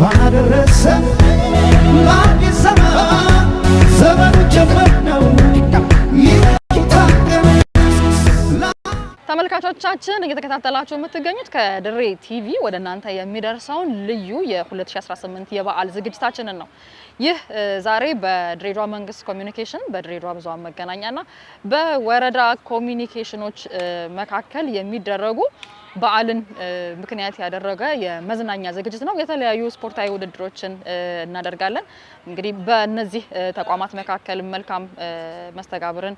እንኳን አደረሰ ለአዲስ ዘመን ዘመኑ ጀመር ነው። ተመልካቾቻችን እየተከታተላችሁ የምትገኙት ከድሬ ቲቪ ወደ እናንተ የሚደርሰውን ልዩ የ2018 የበዓል ዝግጅታችንን ነው። ይህ ዛሬ በድሬዳዋ መንግስት ኮሚኒኬሽን በድሬዳዋ ብዙሃን መገናኛና በወረዳ ኮሚኒኬሽኖች መካከል የሚደረጉ በዓልን ምክንያት ያደረገ የመዝናኛ ዝግጅት ነው። የተለያዩ ስፖርታዊ ውድድሮችን እናደርጋለን። እንግዲህ በእነዚህ ተቋማት መካከል መልካም መስተጋብርን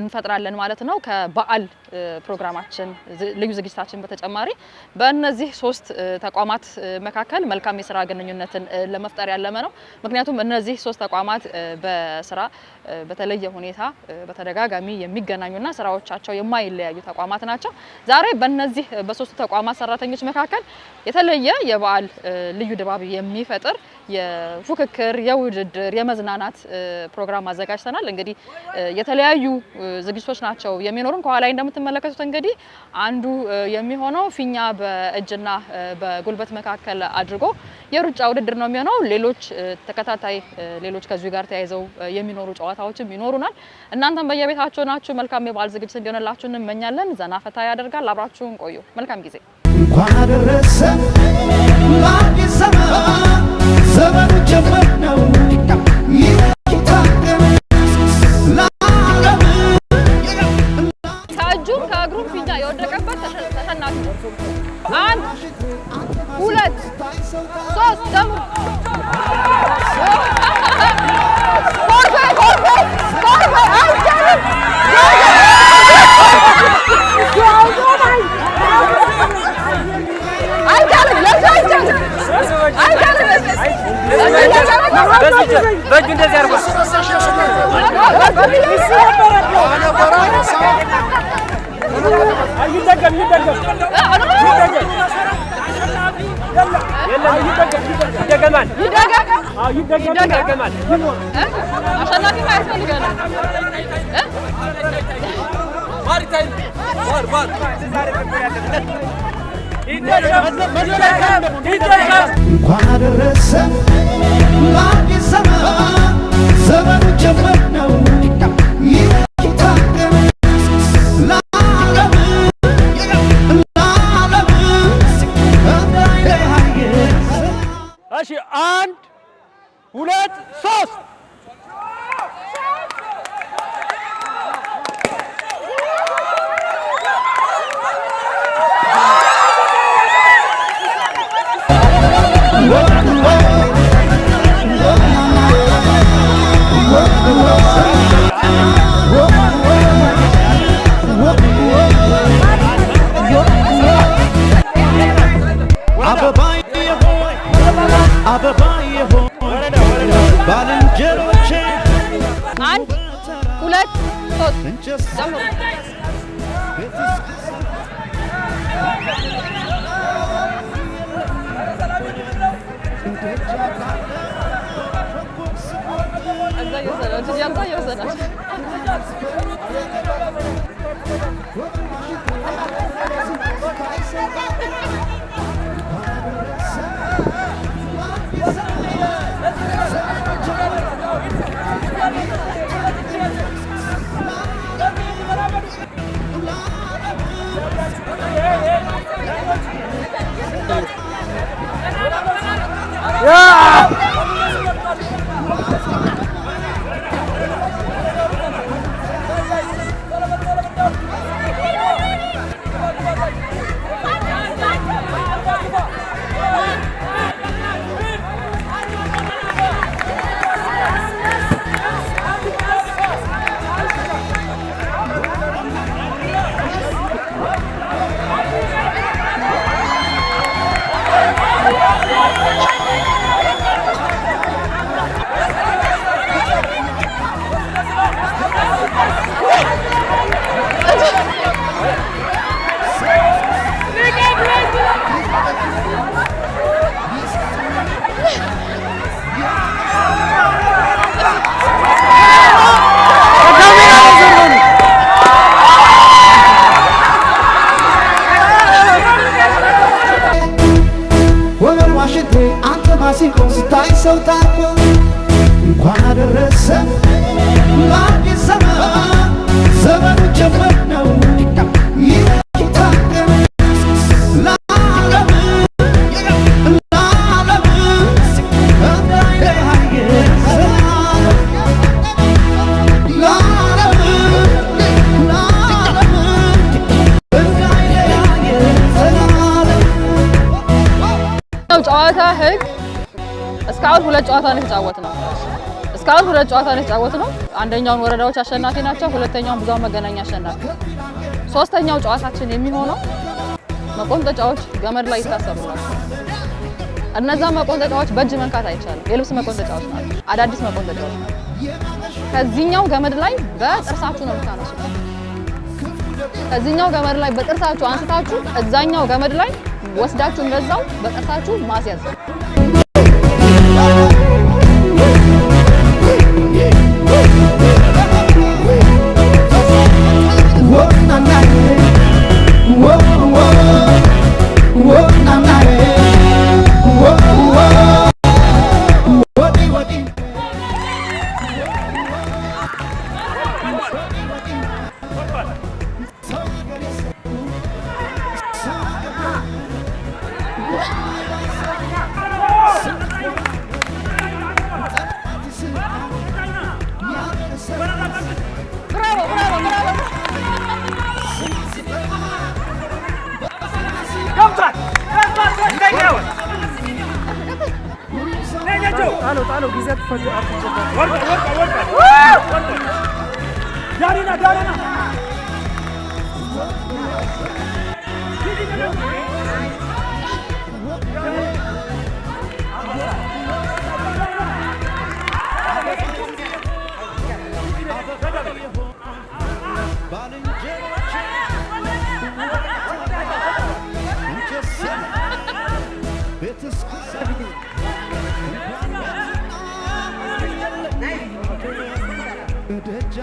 እንፈጥራለን ማለት ነው። ከበዓል ፕሮግራማችን ልዩ ዝግጅታችን በተጨማሪ በእነዚህ ሶስት ተቋማት መካከል መልካም የስራ ግንኙነትን ለመፍጠር ያለመ ነው። ምክንያቱም እነዚህ ሶስት ተቋማት በስራ በተለየ ሁኔታ በተደጋጋሚ የሚገናኙና ስራዎቻቸው የማይለያዩ ተቋማት ናቸው። ዛሬ በእነዚህ በሶስቱ ተቋማት ሰራተኞች መካከል የተለየ የበዓል ልዩ ድባብ የሚፈጥር የፉክክር፣ የውድድር፣ የመዝናናት ፕሮግራም አዘጋጅተናል። እንግዲህ የተለያዩ ዝግጅቶች ናቸው የሚኖሩን። ከኋላ እንደምትመለከቱት እንግዲህ አንዱ የሚሆነው ፊኛ በእጅና በጉልበት መካከል አድርጎ የሩጫ ውድድር ነው የሚሆነው። ሌሎች ተከታታይ ሌሎች ከዚሁ ጋር ተያይዘው የሚኖሩ ጨዋታ ጨዋታዎችም ይኖሩናል። እናንተም በየቤታችሁ ናችሁ መልካም የበዓል ዝግጅት እንዲሆንላችሁ እንመኛለን። ዘና ፈታ ያደርጋል። አብራችሁን ቆዩ። መልካም ጊዜ። እንኳን አደረሰ ለአዲስ ዘመን ዘመኑ ጀመር ነው ከእጁም ከእግሩም የወደቀበት አንድ ሁለት ሶስት ያስፈልጋል። አሸናፊ እንኳን አደረሰን ለአዲስ ዘመን ዘመኑ ጀመር ነው። ሁለት ሶስት Salut Just Salut Andaję zaraz, andaję 呀 ጨዋታ ህግ እስካሁን ሁለት ጨዋታ ነው የተጫወት ነው። እስካሁን ሁለት ጨዋታ ነው የተጫወት ነው። አንደኛውን ወረዳዎች አሸናፊ ናቸው፣ ሁለተኛውን ብዙ መገናኛ አሸናፊ። ሶስተኛው ጨዋታችን የሚሆነው መቆንጠጫዎች ገመድ ላይ ይታሰሩ ናቸው። እነዛ መቆንጠጫዎች በእጅ መንካት አይቻልም። የልብስ መቆንጠጫዎች ናቸው፣ አዳዲስ መቆንጠጫዎች ናቸው። ከዚህኛው ገመድ ላይ በጥርሳችሁ ነው የምታነሱት። ከዚህኛው ገመድ ላይ በጥርሳችሁ አንስታችሁ እዛኛው ገመድ ላይ ወስዳችሁ እንደዛው በቀርታችሁ ማስያዝ ነው።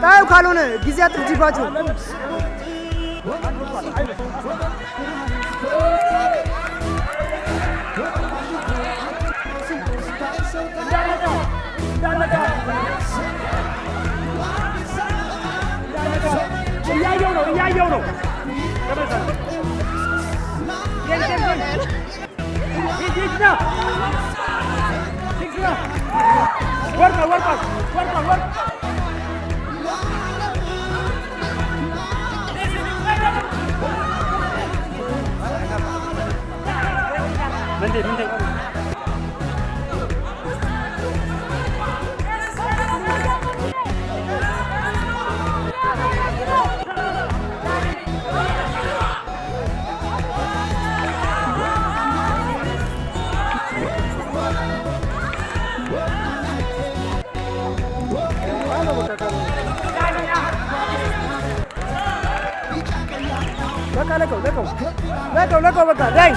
ጣዩ ካልሆነ ጊዜ አጥፍጅባችሁ እያየው ነው እያየው ነው Guarda, guarda, guarda, guarda. Vente, vente. nó có một cả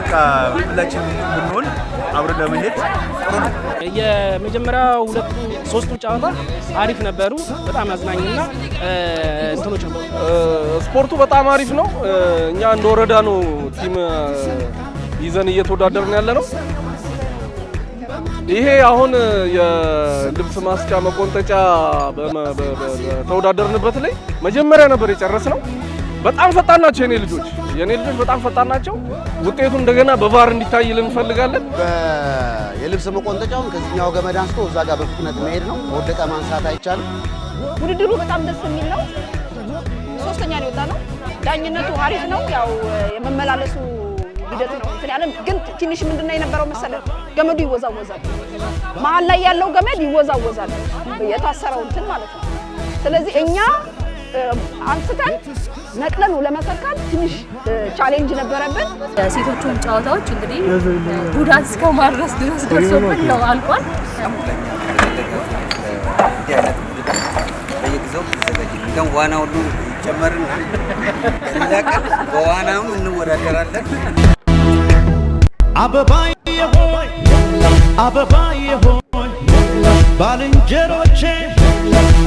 በቃ ሁላችን ብንሆን አብረን ለመሄድ የመጀመሪያ ሁለቱ ሶስቱ ጨዋታ አሪፍ ነበሩ። በጣም አዝናኝና እንትኖች ስፖርቱ በጣም አሪፍ ነው። እኛ እንደ ወረዳ ነው ቲም ይዘን እየተወዳደርን ያለ ነው። ይሄ አሁን የልብስ ማስጫ መቆንጠጫ ተወዳደርንበት ላይ መጀመሪያ ነበር የጨረስ ነው። በጣም ፈጣን ናቸው የኔ ልጆች የኔ ልጆች በጣም ፈጣን ናቸው። ውጤቱ እንደገና በቫር እንዲታይ እንፈልጋለን። የልብስ መቆንጠጫውን ከዚህኛው ገመድ አንስቶ እዛ ጋር በፍጥነት መሄድ ነው። ወደቀ ማንሳት አይቻልም። ውድድሩ በጣም ደስ የሚል ነው። ሶስተኛ ሊወጣ ነው። ዳኝነቱ አሪፍ ነው። ያው የመመላለሱ ሂደት ነው እንትን ግን ትንሽ ምንድነው የነበረው መሰለህ ገመዱ ይወዛወዛል። መሀል ላይ ያለው ገመድ ይወዛወዛል። የታሰረው እንትን ማለት ነው። ስለዚህ እኛ አንስተን ነቅለን ለመሰካት ትንሽ ቻሌንጅ ነበረብን። ሴቶቹን ጨዋታዎች እንግዲህ ጉዳት እስከ ማድረስ ድረስ ደርሶብን ነው አልቋል። በየጊዜው ይዘጋጅ ግን ዋና ሁሉ ይጨመርና እንዳቀል እንወዳደራለን። አበባዬ ሆይ አበባዬ ሆይ ባልንጀሮቼ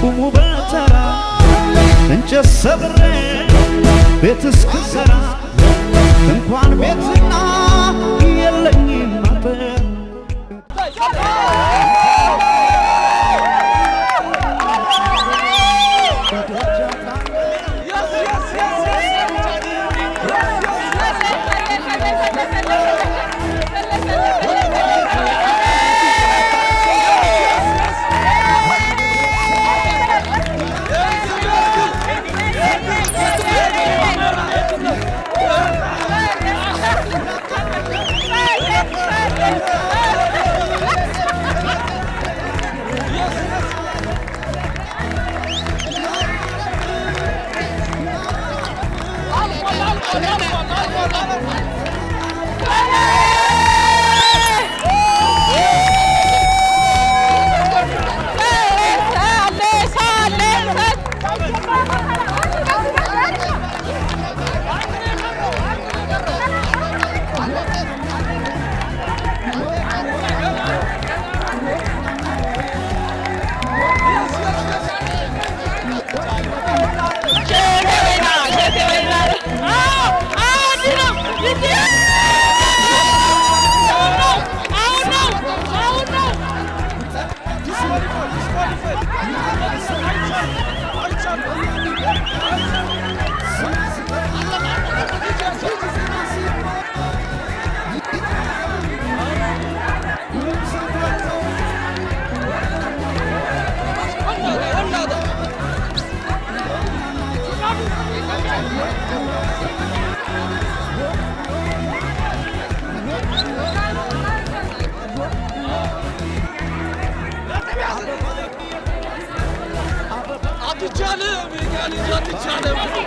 ቁሙ በተራ እንጨት ሰብሬ ቤት እስክሰራ شادي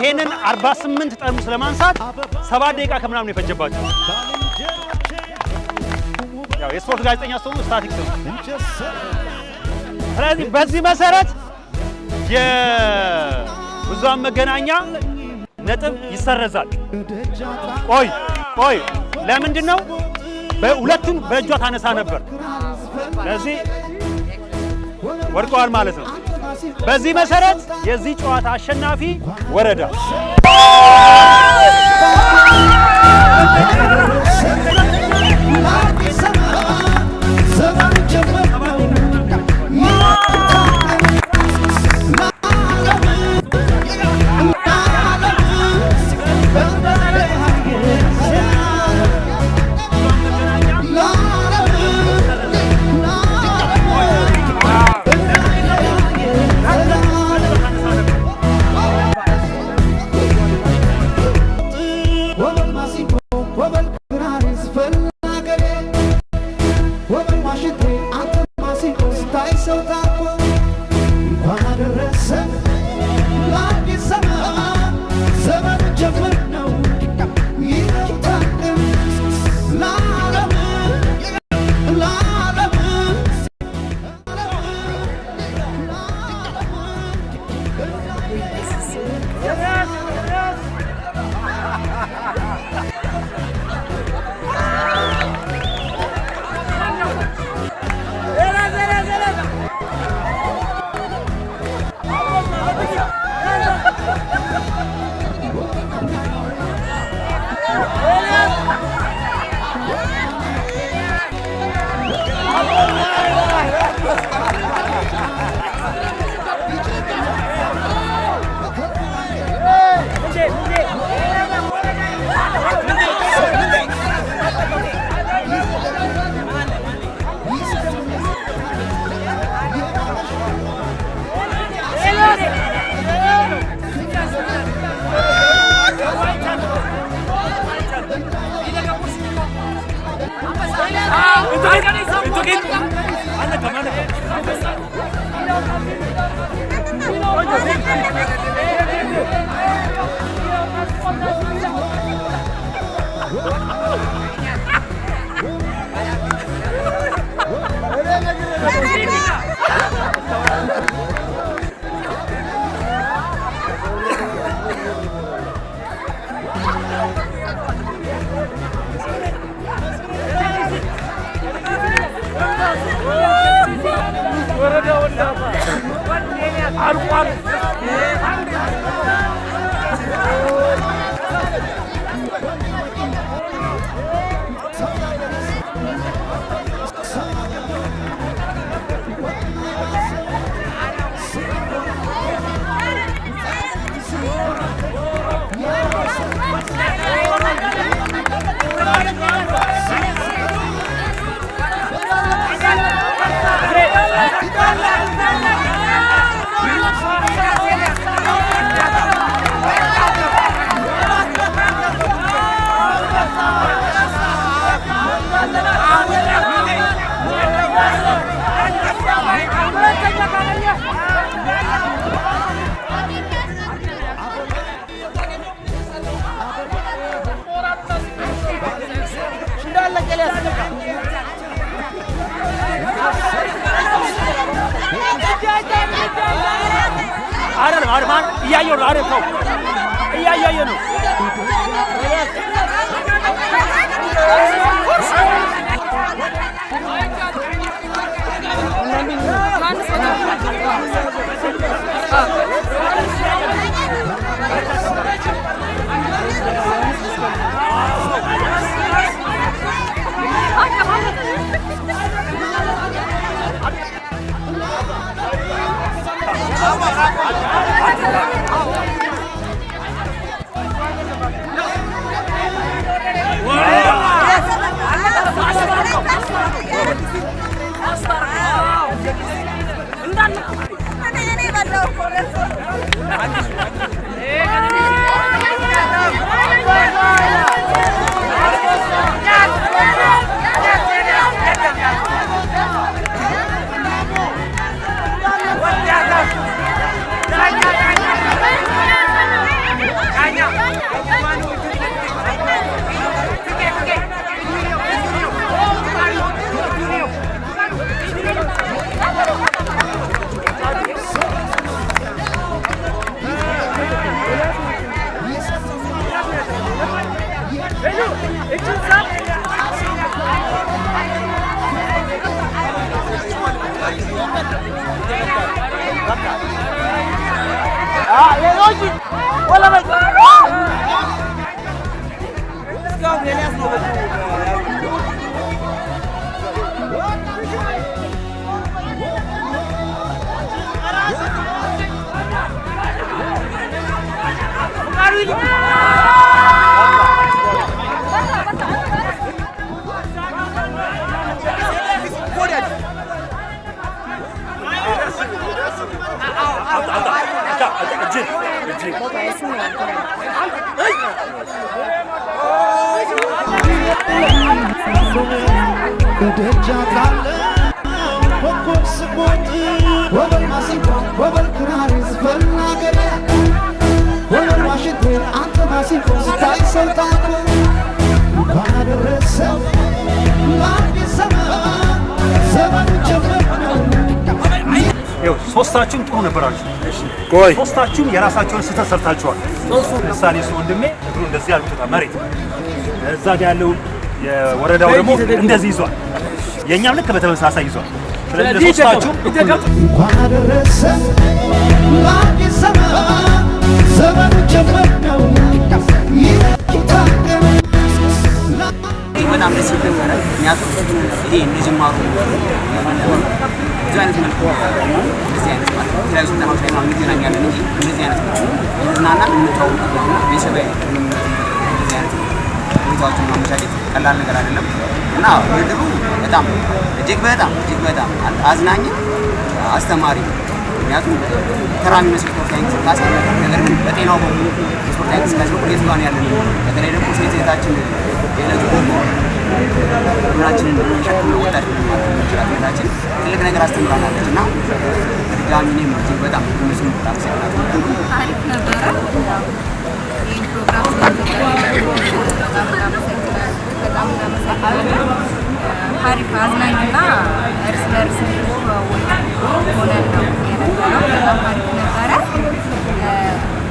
ይሄንን 48 ጠርሙስ ለማንሳት ሰባት ደቂቃ ከምናምን የፈጀባቸው ያው የስፖርት ጋዜጠኛ ስለሆኑ ነው። ስለዚህ በዚህ መሰረት የብዙኃን መገናኛ ነጥብ ይሰረዛል። ቆይ ቆይ፣ ለምንድን ነው ሁለቱም በእጇ ታነሳ ነበር? ለዚህ ወድቀዋል ማለት ነው። በዚህ መሰረት የዚህ ጨዋታ አሸናፊ ወረዳ Nereye girelim? para, para. አረር አርማን እያየሁ ነው። አረር ተው እያየሁ ነው። ደጃፍ አለው ኮከብ ጥሩ ነበራችሁ ቆይ ሶስታችሁም የራሳችሁን ስህተት ሰርታችኋል። እሱ ምሳሌ እሱ ወንድሜ እግሩ እንደዚህ አልኩታ መሬት እዛ ጋ ያለው የወረዳው ደግሞ እንደዚህ ይዟል። የእኛም ልክ በተመሳሳይ ይዟል። ስለዚህ ሶስታችሁም እንኳን አደረሰን ዘመኑ ጀመረ በጣም ደስ ይል ነበረ። ምክንያቱም ይሄ ጅማሩ ብዙ አይነት መልኩ እንደዚህ አይነት ነው የተለያዩ ስልጠናዎች ላይ እንጂ ቀላል ነገር አይደለም እና ውድድሩ በጣም እጅግ በጣም እጅግ በጣም አዝናኝ አስተማሪ ምክንያቱም ተራ የሚመስል ነገር ግን በጤናው በሙሉ በተለይ ደግሞ ሴት ሴታችን የዕለቱ ጎ ሁላችንን እንደሚሸክም ሁላችን ምንችላት ቤታችን ትልቅ ነገር አስተምራናለች እና ድጋሚ እኔም እጅግ በጣም እነሱ በጣም ሲያላት እርስ በርስ አሪፍ ነበረ።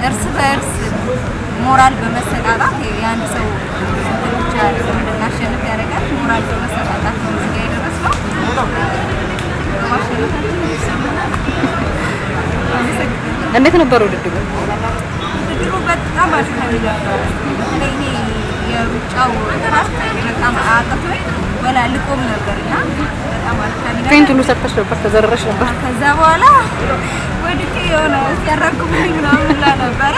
እርስ በእርስ ሞራል በመሰጣጣት የአንድ ሰው ብቻ እንዴት ነበር ውድድሩ? ውድድሩ በጣም አሪፍ ነበር። እኔ የሩጫው በጣም አቅቶኝ ወላ ልቆም ነበርና በጣም ነበር። ፌንት ሁሉ ነበር፣ ተዘረረሽ ነበር። ከዛ በኋላ ወድቄ የሆነ ሲያራግቡልኝ ምናምን ብላ ነበረ።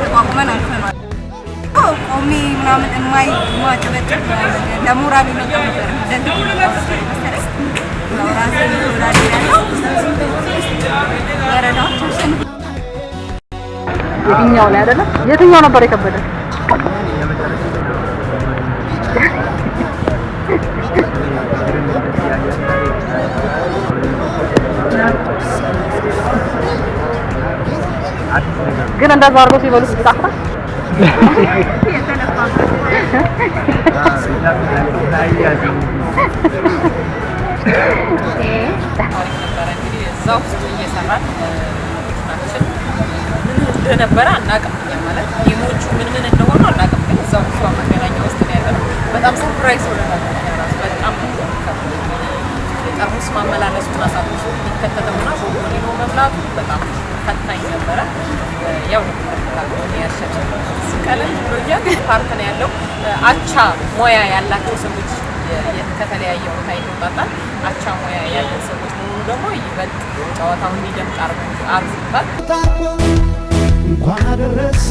ተቋቁመን አልፈናል። ቆሜ ምናምን እማይ ማጨበጨብ ለሞራል ይመጣ ነበር። ደግ ራሴ ያለው ኧረ የትኛው ላይ አይደለም? የትኛው ነበር የከበደ? ግን እንደዛ አድርጎ ሲበሉ ስጣፋ እየሰራን ናችን። ምን እንደነበረ አናውቅም። ማለት ጌሞቹ ምን ምን እንደሆኑ አናውቅም፣ ግን እዛው ብዙ መገናኛ ውስጥ ያለ በጣም ሰርፕራይዝ ሆነናል። በጣም ጠርሙስ ማመላለሱን አሳልፎ የሚከተተውና ሆኖ መብላቱ በጣም ፈታኝ ነበረ። ያው ያሸች ቀለም ብሎኛል። ፓርክ ነው ያለው። አቻ ሙያ ያላቸው ሰዎች ከተለያየ ቦታ ይመጣጣል። አቻ ሙያ ያለን ሰዎች ደግሞ ይበልጥ ጨዋታውን እንዲደምቅ አርጉበት። እንኳን አደረሰ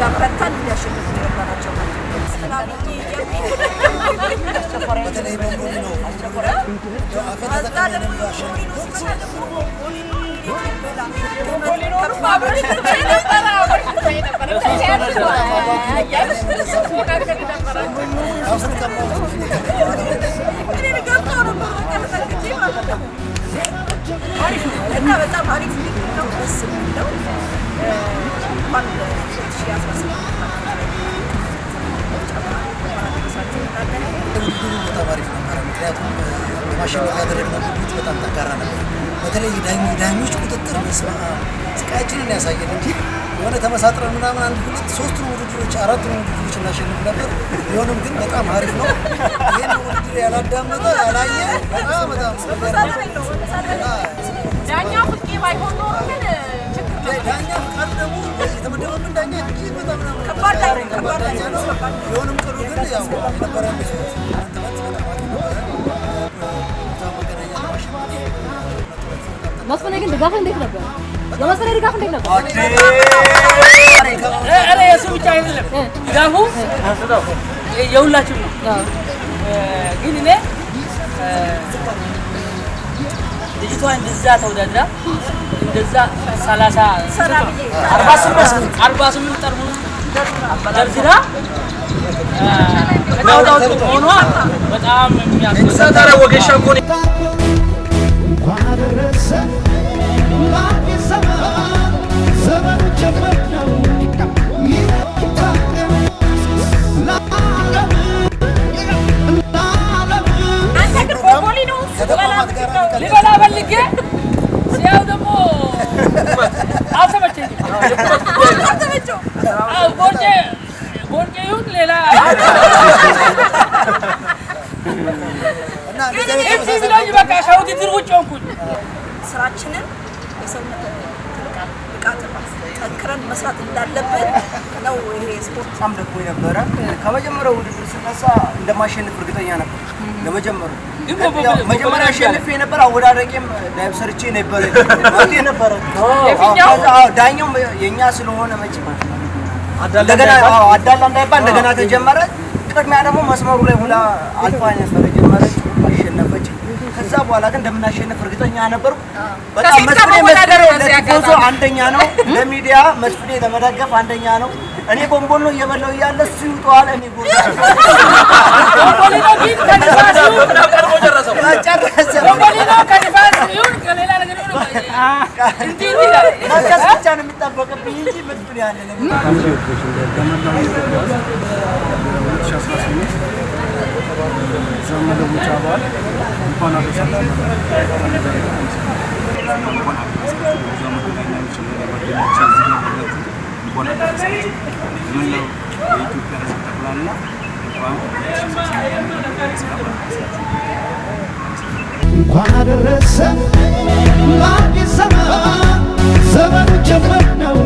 ያበረታን እያሸነፉ የነበራቸው ናቸው። በጣም አሪፍ ነው ደስ የሚለው ምክንያቱም ለማሸነፍ ያደረግነው ጉጉት በጣም ጠንካራ ነበር። በተለይ ዳኞች ቁጥጥር መስማ ስቃያችንን ያሳየን እንጂ የሆነ ተመሳጥረን ምናምን አንድ ሁለት ሶስቱን ውድድሮች አራቱን ውድድሮች እናሸንፍ ነበር። ቢሆንም ግን በጣም አሪፍ ነው። ይህን ውድድር ያላዳመጠ ያላየ በጣም በጣም ዳኛ ፍቄ ባይሆን ኖሮ ግን ዳኛ ፍቃድ ደግሞ የተመደበብን ዳኛ እጅግ በጣም ከባድ ዳኛ ነው። ቢሆንም ቅሩ ግን ያው የነበረ መስፍኔ ግን ድጋፍ እንዴት ነበር? የመስፍኔ ድጋፍ እንዴት ነበር? ኧረ የእሱ ብቻ አይደለም ድጋፉ የሁላችሁም ነው። ግን እኔ ልጅቷ እንደዛ ተወዳድራ እንደዛ ሰላሳ አርባ ስምንት ደርድራ ከታውታው ሆኗ በጣም የሚያስ ሰታራ ወገሻ እንደማሸንፍ እርግጠኛ ነበር። ለመጀመሩ መጀመሪያ አሸንፌ ነበር። አወዳደቄም ላይብ ሰርቼ ነበር ነበረ። ዳኛው የእኛ ስለሆነ መጭ አዳላ እንዳይባል እንደገና ተጀመረ። ቅድሚያ ደግሞ መስመሩ ላይ ሁላ አልፋ ነበረ ከዛ በኋላ ግን እንደምናሸንፍ እርግጠኛ ነበርኩ። በጣም መስፍኔ አንደኛ ነው፣ ለሚዲያ መስፍኔ ለመደገፍ አንደኛ ነው። እኔ ቦምቦን ነው እየበላሁ እያለ እሱ ይውጠዋል። እኔ መቀስ ብቻ ነው የሚጠበቅብኝ እንጂ መስፍኔ 2018 ዘመን መለወጫ በዓል እንኳን አደረሳችሁ። እንኳን አደረሰን ለአዲስ ዘመን ዘመን ጀመር ነው